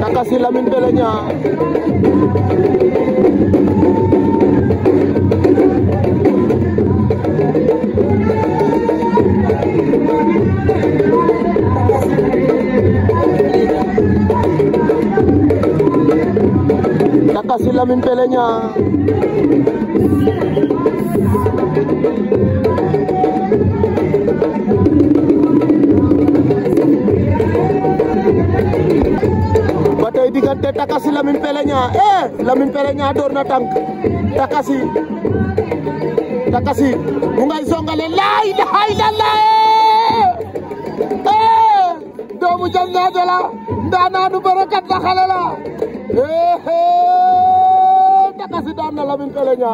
Takassi Lamine Beleña Takassi diggante Takassi Lamine Peleña eh Lamine Peleña door na tànk Takassi Takassi mu ngay songale laay laay la laay eh, doomu jëm naa de la la xale la eh, eh Takassi daan na Lamine Peleña